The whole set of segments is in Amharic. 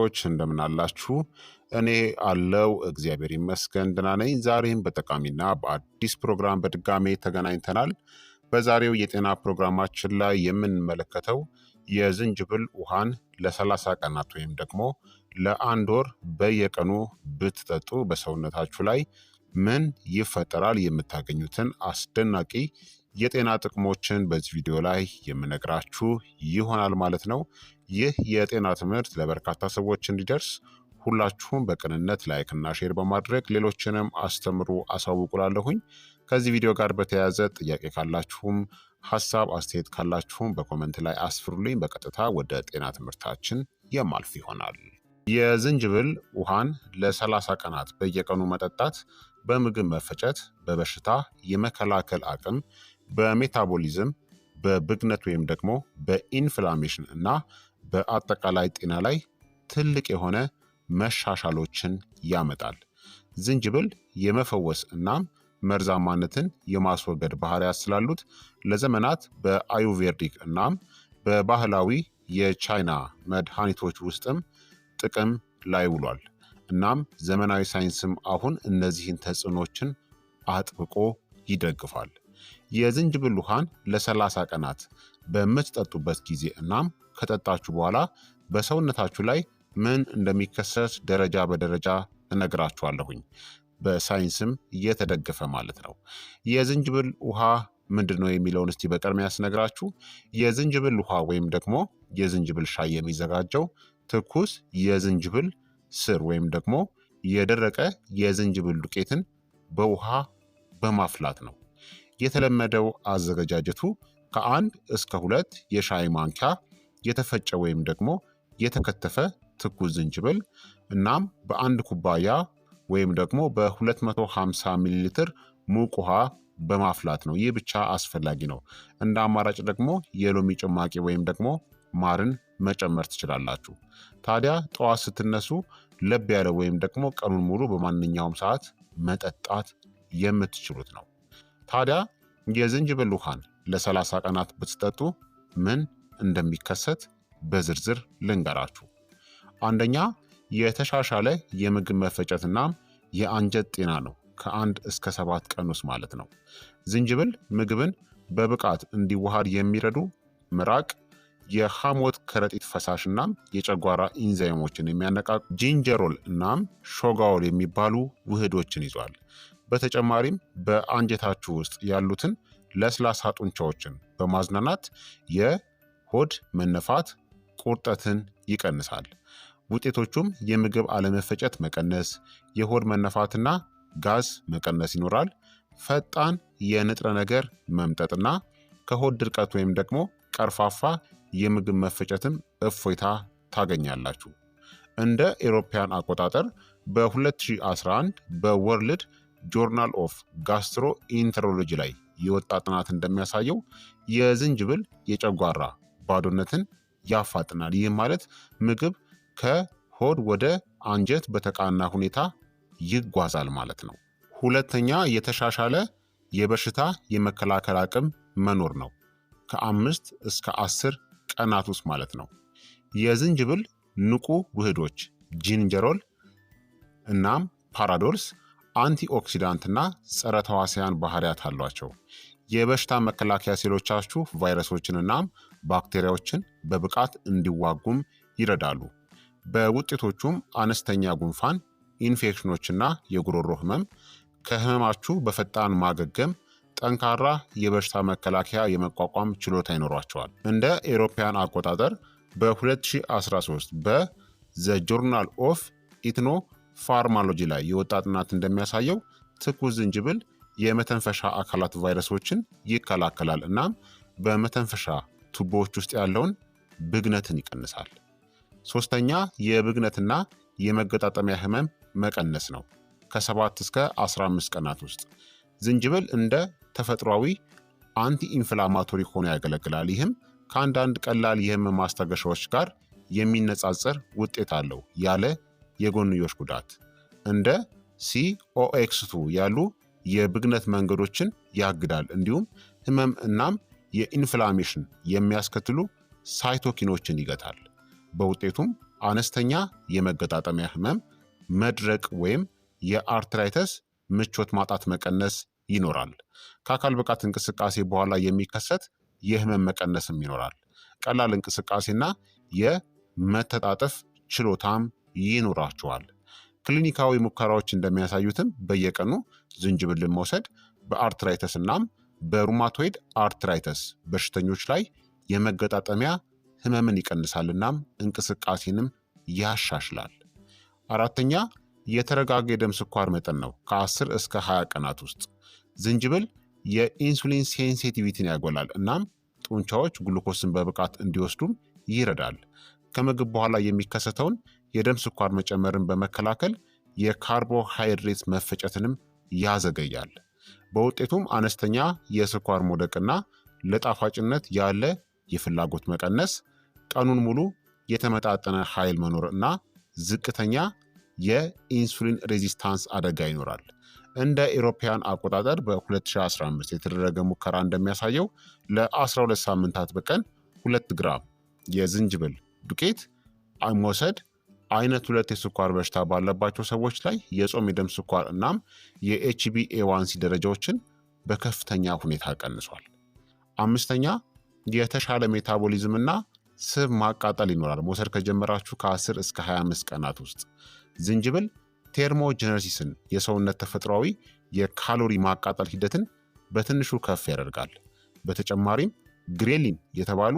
ዎች እንደምን አላችሁ? እኔ አለው እግዚአብሔር ይመስገን ደህና ነኝ። ዛሬም በጠቃሚና በአዲስ ፕሮግራም በድጋሜ ተገናኝተናል። በዛሬው የጤና ፕሮግራማችን ላይ የምንመለከተው የዝንጅብል ውሃን ለሰላሳ ቀናት ወይም ደግሞ ለአንድ ወር በየቀኑ ብትጠጡ በሰውነታችሁ ላይ ምን ይፈጠራል፣ የምታገኙትን አስደናቂ የጤና ጥቅሞችን በዚህ ቪዲዮ ላይ የምነግራችሁ ይሆናል ማለት ነው። ይህ የጤና ትምህርት ለበርካታ ሰዎች እንዲደርስ ሁላችሁም በቅንነት ላይክና ሼር በማድረግ ሌሎችንም አስተምሩ አሳውቁላለሁኝ። ከዚህ ቪዲዮ ጋር በተያያዘ ጥያቄ ካላችሁም ሀሳብ አስተያየት ካላችሁም በኮመንት ላይ አስፍሩልኝ። በቀጥታ ወደ ጤና ትምህርታችን የማልፍ ይሆናል። የዝንጅብል ውሃን ለ30 ቀናት በየቀኑ መጠጣት በምግብ መፈጨት፣ በበሽታ የመከላከል አቅም፣ በሜታቦሊዝም በብግነት ወይም ደግሞ በኢንፍላሜሽን እና በአጠቃላይ ጤና ላይ ትልቅ የሆነ መሻሻሎችን ያመጣል። ዝንጅብል የመፈወስ እናም መርዛማነትን የማስወገድ ባህሪያት ስላሉት ለዘመናት በአዩቬርዲክ እናም በባህላዊ የቻይና መድኃኒቶች ውስጥም ጥቅም ላይ ውሏል። እናም ዘመናዊ ሳይንስም አሁን እነዚህን ተጽዕኖችን አጥብቆ ይደግፋል። የዝንጅብል ውሃን ለ30 ቀናት በምትጠጡበት ጊዜ እናም ከጠጣችሁ በኋላ በሰውነታችሁ ላይ ምን እንደሚከሰት ደረጃ በደረጃ እነግራችኋለሁኝ። በሳይንስም እየተደገፈ ማለት ነው። የዝንጅብል ውሃ ምንድን ነው የሚለውን እስቲ በቅድሚያ ስነግራችሁ የዝንጅብል ውሃ ወይም ደግሞ የዝንጅብል ሻይ የሚዘጋጀው ትኩስ የዝንጅብል ስር ወይም ደግሞ የደረቀ የዝንጅብል ዱቄትን በውሃ በማፍላት ነው። የተለመደው አዘገጃጀቱ ከአንድ እስከ ሁለት የሻይ ማንኪያ የተፈጨ ወይም ደግሞ የተከተፈ ትኩስ ዝንጅብል እናም በአንድ ኩባያ ወይም ደግሞ በ250 ሚሊ ሊትር ሙቅ ውሃ በማፍላት ነው። ይህ ብቻ አስፈላጊ ነው። እንደ አማራጭ ደግሞ የሎሚ ጭማቂ ወይም ደግሞ ማርን መጨመር ትችላላችሁ። ታዲያ ጠዋት ስትነሱ ለብ ያለ ወይም ደግሞ ቀኑን ሙሉ በማንኛውም ሰዓት መጠጣት የምትችሉት ነው። ታዲያ የዝንጅብል ውሃን ለ30 ቀናት ብትጠጡ ምን እንደሚከሰት በዝርዝር ልንገራችሁ። አንደኛ የተሻሻለ የምግብ መፈጨትና የአንጀት ጤና ነው። ከአንድ እስከ ሰባት ቀን ውስጥ ማለት ነው። ዝንጅብል ምግብን በብቃት እንዲዋሃድ የሚረዱ ምራቅ፣ የሐሞት ከረጢት ፈሳሽ እናም የጨጓራ ኢንዛይሞችን የሚያነቃቁ ጂንጀሮል እናም ሾጋወል የሚባሉ ውህዶችን ይዟል። በተጨማሪም በአንጀታችሁ ውስጥ ያሉትን ለስላሳ ጡንቻዎችን በማዝናናት የሆድ መነፋት፣ ቁርጠትን ይቀንሳል። ውጤቶቹም የምግብ አለመፈጨት መቀነስ፣ የሆድ መነፋትና ጋዝ መቀነስ ይኖራል። ፈጣን የንጥረ ነገር መምጠጥና ከሆድ ድርቀት ወይም ደግሞ ቀርፋፋ የምግብ መፈጨትም እፎይታ ታገኛላችሁ። እንደ ኤሮፓያን አቆጣጠር በ2011 በወርልድ ጆርናል ኦፍ ጋስትሮ ኢንትሮሎጂ ላይ የወጣ ጥናት እንደሚያሳየው የዝንጅብል የጨጓራ ባዶነትን ያፋጥናል። ይህም ማለት ምግብ ከሆድ ወደ አንጀት በተቃና ሁኔታ ይጓዛል ማለት ነው። ሁለተኛ የተሻሻለ የበሽታ የመከላከል አቅም መኖር ነው። ከአምስት እስከ አስር ቀናት ውስጥ ማለት ነው። የዝንጅብል ንቁ ውህዶች ጂንጀሮል እናም ፓራዶልስ አንቲኦክሲዳንትና ጸረ ተዋሲያን ባህሪያት አሏቸው። የበሽታ መከላከያ ሴሎቻችሁ ቫይረሶችንና ባክቴሪያዎችን በብቃት እንዲዋጉም ይረዳሉ። በውጤቶቹም አነስተኛ ጉንፋን፣ ኢንፌክሽኖችና የጉሮሮ ህመም፣ ከህመማችሁ በፈጣን ማገገም፣ ጠንካራ የበሽታ መከላከያ የመቋቋም ችሎታ ይኖሯቸዋል። እንደ ኤሮፓያን አቆጣጠር በ2013 በዘ ጆርናል ኦፍ ኢትኖ ፋርማሎጂ ላይ የወጣ ጥናት እንደሚያሳየው ትኩስ ዝንጅብል የመተንፈሻ አካላት ቫይረሶችን ይከላከላል እናም በመተንፈሻ ቱቦዎች ውስጥ ያለውን ብግነትን ይቀንሳል። ሶስተኛ የብግነትና የመገጣጠሚያ ህመም መቀነስ ነው። ከ7 እስከ 15 ቀናት ውስጥ ዝንጅብል እንደ ተፈጥሯዊ አንቲ ኢንፍላማቶሪ ሆኖ ያገለግላል። ይህም ከአንዳንድ ቀላል የህመም ማስታገሻዎች ጋር የሚነጻጸር ውጤት አለው ያለ የጎንዮሽ ጉዳት እንደ ሲኦኤክስቱ ያሉ የብግነት መንገዶችን ያግዳል። እንዲሁም ህመም እናም የኢንፍላሜሽን የሚያስከትሉ ሳይቶኪኖችን ይገታል። በውጤቱም አነስተኛ የመገጣጠሚያ ህመም፣ መድረቅ ወይም የአርትራይተስ ምቾት ማጣት መቀነስ ይኖራል። ከአካል ብቃት እንቅስቃሴ በኋላ የሚከሰት የህመም መቀነስም ይኖራል። ቀላል እንቅስቃሴና የመተጣጠፍ ችሎታም ይኖራቸዋል። ክሊኒካዊ ሙከራዎች እንደሚያሳዩትም በየቀኑ ዝንጅብልን መውሰድ በአርትራይተስ እናም በሩማቶይድ አርትራይተስ በሽተኞች ላይ የመገጣጠሚያ ህመምን ይቀንሳል እናም እንቅስቃሴንም ያሻሽላል። አራተኛ የተረጋጋ የደም ስኳር መጠን ነው። ከ10 እስከ 20 ቀናት ውስጥ ዝንጅብል የኢንሱሊን ሴንሲቲቪቲን ያጎላል እናም ጡንቻዎች ግሉኮስን በብቃት እንዲወስዱም ይረዳል። ከምግብ በኋላ የሚከሰተውን የደም ስኳር መጨመርን በመከላከል የካርቦሃይድሬት መፈጨትንም ያዘገያል። በውጤቱም አነስተኛ የስኳር መውደቅና ለጣፋጭነት ያለ የፍላጎት መቀነስ፣ ቀኑን ሙሉ የተመጣጠነ ኃይል መኖር እና ዝቅተኛ የኢንሱሊን ሬዚስታንስ አደጋ ይኖራል። እንደ ኢሮፓያን አቆጣጠር በ2015 የተደረገ ሙከራ እንደሚያሳየው ለ12 ሳምንታት በቀን 2 ግራም የዝንጅብል ዱቄት መውሰድ አይነት ሁለት የስኳር በሽታ ባለባቸው ሰዎች ላይ የጾም የደም ስኳር እናም የኤችቢኤዋንሲ ደረጃዎችን በከፍተኛ ሁኔታ ቀንሷል። አምስተኛ የተሻለ ሜታቦሊዝም እና ስብ ማቃጠል ይኖራል። መውሰድ ከጀመራችሁ ከ10 እስከ 25 ቀናት ውስጥ ዝንጅብል ቴርሞጀነሲስን የሰውነት ተፈጥሯዊ የካሎሪ ማቃጠል ሂደትን በትንሹ ከፍ ያደርጋል። በተጨማሪም ግሬሊን የተባሉ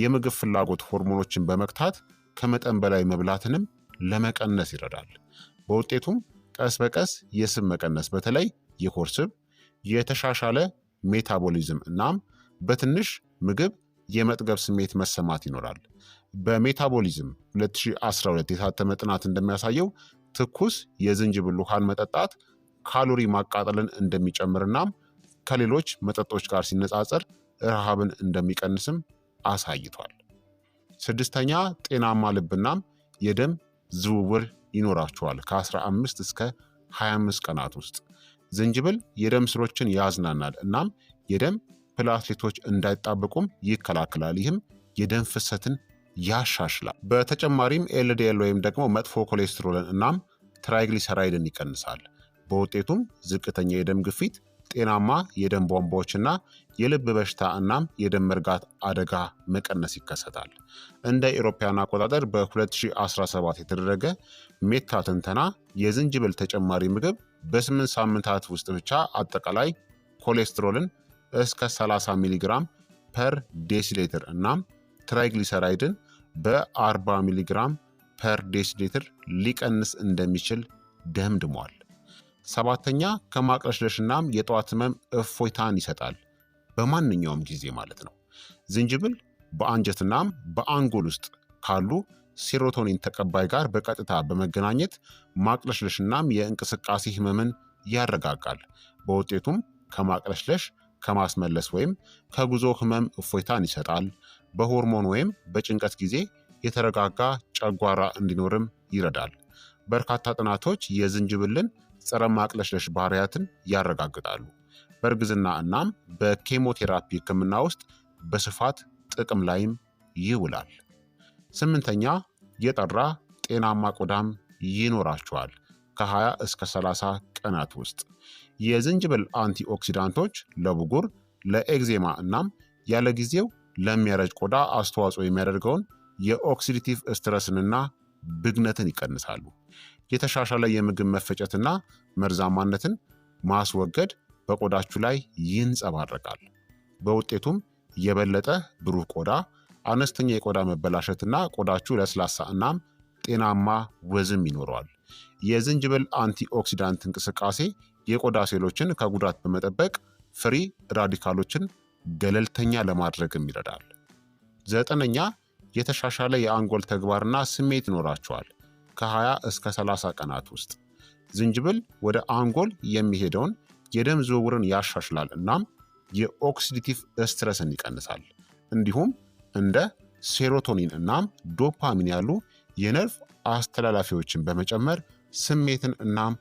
የምግብ ፍላጎት ሆርሞኖችን በመግታት ከመጠን በላይ መብላትንም ለመቀነስ ይረዳል። በውጤቱም ቀስ በቀስ የስብ መቀነስ በተለይ የኮር ስብ፣ የተሻሻለ ሜታቦሊዝም እናም በትንሽ ምግብ የመጥገብ ስሜት መሰማት ይኖራል። በሜታቦሊዝም 2012 የታተመ ጥናት እንደሚያሳየው ትኩስ የዝንጅብል ውሃን መጠጣት ካሎሪ ማቃጠልን እንደሚጨምር እናም ከሌሎች መጠጦች ጋር ሲነጻጸር ረሃብን እንደሚቀንስም አሳይቷል። ስድስተኛ ጤናማ ልብናም የደም ዝውውር ይኖራቸዋል ከ15 እስከ 25 ቀናት ውስጥ። ዝንጅብል የደም ስሮችን ያዝናናል እናም የደም ፕላትሌቶች እንዳይጣበቁም ይከላከላል። ይህም የደም ፍሰትን ያሻሽላል። በተጨማሪም ኤልዲኤል ወይም ደግሞ መጥፎ ኮሌስትሮልን እናም ትራይግሊሰራይድን ይቀንሳል። በውጤቱም ዝቅተኛ የደም ግፊት ጤናማ የደም ቧንቧዎችና የልብ በሽታ እናም የደም መርጋት አደጋ መቀነስ ይከሰታል። እንደ ኢሮፓያን አቆጣጠር በ2017 የተደረገ ሜታ ትንተና የዝንጅብል ተጨማሪ ምግብ በ8 ሳምንታት ውስጥ ብቻ አጠቃላይ ኮሌስትሮልን እስከ 30 ሚሊግራም ፐር ዴሲሌተር እናም ትራይግሊሰራይድን በ40 ሚሊግራም ፐር ዴሲሌትር ሊቀንስ እንደሚችል ደምድሟል። ሰባተኛ ከማቅለሽለሽ የጠዋት ህመም እፎይታን ይሰጣል። በማንኛውም ጊዜ ማለት ነው። ዝንጅብል በአንጀትናም በአንጎል ውስጥ ካሉ ሴሮቶኒን ተቀባይ ጋር በቀጥታ በመገናኘት ማቅለሽለሽ የእንቅስቃሴ ህመምን ያረጋጋል። በውጤቱም ከማቅለሽለሽ ከማስመለስ ወይም ከጉዞ ህመም እፎይታን ይሰጣል። በሆርሞን ወይም በጭንቀት ጊዜ የተረጋጋ ጨጓራ እንዲኖርም ይረዳል። በርካታ ጥናቶች የዝንጅብልን ጸረ ማቅለሽለሽ ባህሪያትን ያረጋግጣሉ። በእርግዝና እናም በኬሞቴራፒ ህክምና ውስጥ በስፋት ጥቅም ላይም ይውላል። ስምንተኛ የጠራ ጤናማ ቆዳም ይኖራቸዋል ከ20 እስከ 30 ቀናት ውስጥ። የዝንጅብል አንቲኦክሲዳንቶች ለብጉር፣ ለኤግዜማ እናም ያለ ጊዜው ለሚያረጅ ቆዳ አስተዋጽኦ የሚያደርገውን የኦክሲዲቲቭ ስትረስንና ብግነትን ይቀንሳሉ። የተሻሻለ የምግብ መፈጨትና መርዛማነትን ማስወገድ በቆዳችሁ ላይ ይንጸባረቃል። በውጤቱም የበለጠ ብሩህ ቆዳ፣ አነስተኛ የቆዳ መበላሸትና ቆዳችሁ ለስላሳ እናም ጤናማ ወዝም ይኖረዋል። የዝንጅብል አንቲኦክሲዳንት እንቅስቃሴ የቆዳ ሴሎችን ከጉዳት በመጠበቅ ፍሪ ራዲካሎችን ገለልተኛ ለማድረግም ይረዳል። ዘጠነኛ የተሻሻለ የአንጎል ተግባርና ስሜት ይኖራቸዋል። ከ20 እስከ 30 ቀናት ውስጥ። ዝንጅብል ወደ አንጎል የሚሄደውን የደም ዝውውርን ያሻሽላል እናም የኦክሲዲቲቭ ስትረስን ይቀንሳል። እንዲሁም እንደ ሴሮቶኒን እናም ዶፓሚን ያሉ የነርቭ አስተላላፊዎችን በመጨመር ስሜትን እናም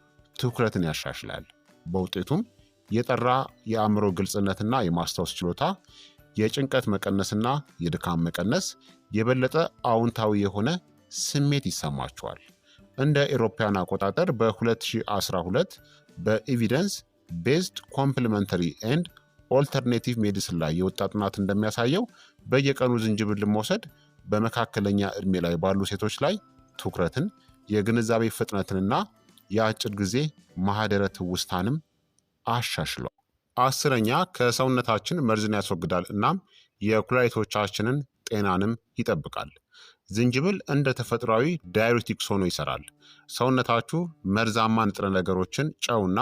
ትኩረትን ያሻሽላል። በውጤቱም የጠራ የአእምሮ ግልጽነትና የማስታወስ ችሎታ፣ የጭንቀት መቀነስና የድካም መቀነስ፣ የበለጠ አዎንታዊ የሆነ ስሜት ይሰማቸዋል። እንደ ኤሮፓያን አቆጣጠር በ2012 በኤቪደንስ ቤዝድ ኮምፕሊመንተሪ ኤንድ ኦልተርኔቲቭ ሜዲስን ላይ የወጣ ጥናት እንደሚያሳየው በየቀኑ ዝንጅብልን መውሰድ በመካከለኛ ዕድሜ ላይ ባሉ ሴቶች ላይ ትኩረትን፣ የግንዛቤ ፍጥነትንና የአጭር ጊዜ ማህደረ ትውስታንም አሻሽሏል። አስረኛ ከሰውነታችን መርዝን ያስወግዳል እናም የኩላሊቶቻችንን ጤናንም ይጠብቃል። ዝንጅብል እንደ ተፈጥሯዊ ዳይሪቲክስ ሆኖ ይሰራል። ሰውነታችሁ መርዛማ ንጥረ ነገሮችን፣ ጨውና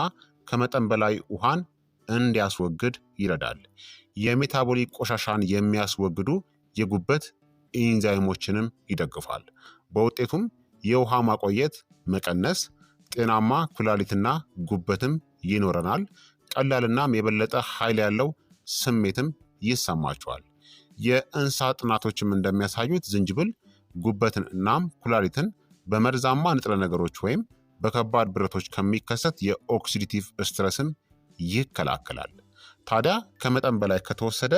ከመጠን በላይ ውሃን እንዲያስወግድ ይረዳል። የሜታቦሊክ ቆሻሻን የሚያስወግዱ የጉበት ኢንዛይሞችንም ይደግፋል። በውጤቱም የውሃ ማቆየት መቀነስ፣ ጤናማ ኩላሊትና ጉበትም ይኖረናል። ቀላልናም የበለጠ ኃይል ያለው ስሜትም ይሰማችኋል። የእንስሳ ጥናቶችም እንደሚያሳዩት ዝንጅብል ጉበትን እናም ኩላሊትን በመርዛማ ንጥረ ነገሮች ወይም በከባድ ብረቶች ከሚከሰት የኦክሲዲቲቭ ስትረስም ይከላከላል። ታዲያ ከመጠን በላይ ከተወሰደ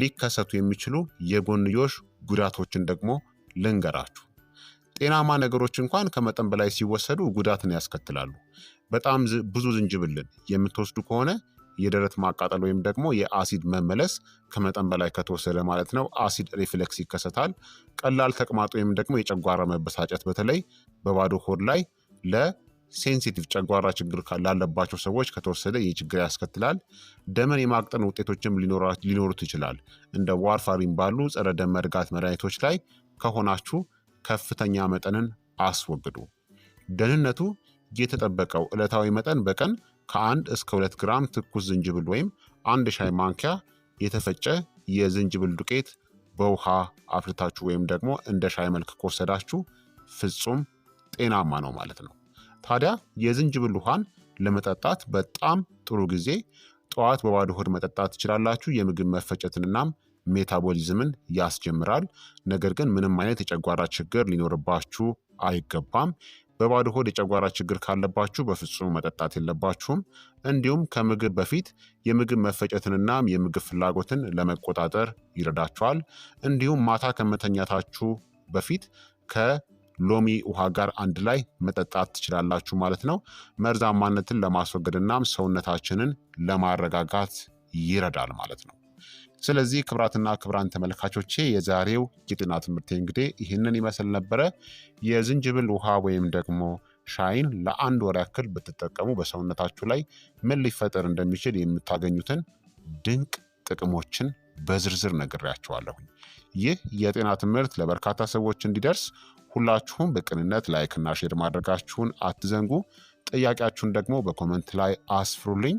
ሊከሰቱ የሚችሉ የጎንዮሽ ጉዳቶችን ደግሞ ልንገራችሁ። ጤናማ ነገሮች እንኳን ከመጠን በላይ ሲወሰዱ ጉዳትን ያስከትላሉ። በጣም ብዙ ዝንጅብልን የምትወስዱ ከሆነ የደረት ማቃጠል ወይም ደግሞ የአሲድ መመለስ ከመጠን በላይ ከተወሰደ ማለት ነው አሲድ ሪፍሌክስ ይከሰታል። ቀላል ተቅማጥ ወይም ደግሞ የጨጓራ መበሳጨት በተለይ በባዶ ሆድ ላይ ለሴንሲቲቭ ጨጓራ ችግር ላለባቸው ሰዎች ከተወሰደ ይህ ችግር ያስከትላል። ደምን የማቅጠን ውጤቶችም ሊኖሩት ይችላል። እንደ ዋርፋሪን ባሉ ጸረ ደም መርጋት መድኃኒቶች ላይ ከሆናችሁ ከፍተኛ መጠንን አስወግዱ። ደህንነቱ የተጠበቀው ዕለታዊ መጠን በቀን ከአንድ እስከ ሁለት ግራም ትኩስ ዝንጅብል ወይም አንድ ሻይ ማንኪያ የተፈጨ የዝንጅብል ዱቄት በውሃ አፍልታችሁ ወይም ደግሞ እንደ ሻይ መልክ ከወሰዳችሁ ፍጹም ጤናማ ነው ማለት ነው። ታዲያ የዝንጅብል ውሃን ለመጠጣት በጣም ጥሩ ጊዜ ጠዋት በባዶ ሆድ መጠጣት ትችላላችሁ። የምግብ መፈጨትንናም ሜታቦሊዝምን ያስጀምራል። ነገር ግን ምንም አይነት የጨጓራ ችግር ሊኖርባችሁ አይገባም። በባዶ ሆድ የጨጓራ ችግር ካለባችሁ በፍጹም መጠጣት የለባችሁም። እንዲሁም ከምግብ በፊት የምግብ መፈጨትንና የምግብ ፍላጎትን ለመቆጣጠር ይረዳችኋል። እንዲሁም ማታ ከመተኛታችሁ በፊት ከሎሚ ውሃ ጋር አንድ ላይ መጠጣት ትችላላችሁ ማለት ነው። መርዛማነትን ለማስወገድናም ሰውነታችንን ለማረጋጋት ይረዳል ማለት ነው። ስለዚህ ክብራትና ክብራን ተመልካቾቼ የዛሬው የጤና ትምህርቴ እንግዲህ ይህንን ይመስል ነበረ። የዝንጅብል ውሃ ወይም ደግሞ ሻይን ለአንድ ወር ያክል ብትጠቀሙ በሰውነታችሁ ላይ ምን ሊፈጠር እንደሚችል የምታገኙትን ድንቅ ጥቅሞችን በዝርዝር ነግሬያችኋለሁኝ። ይህ የጤና ትምህርት ለበርካታ ሰዎች እንዲደርስ ሁላችሁም በቅንነት ላይክና ሼር ማድረጋችሁን አትዘንጉ። ጥያቄያችሁን ደግሞ በኮመንት ላይ አስፍሩልኝ።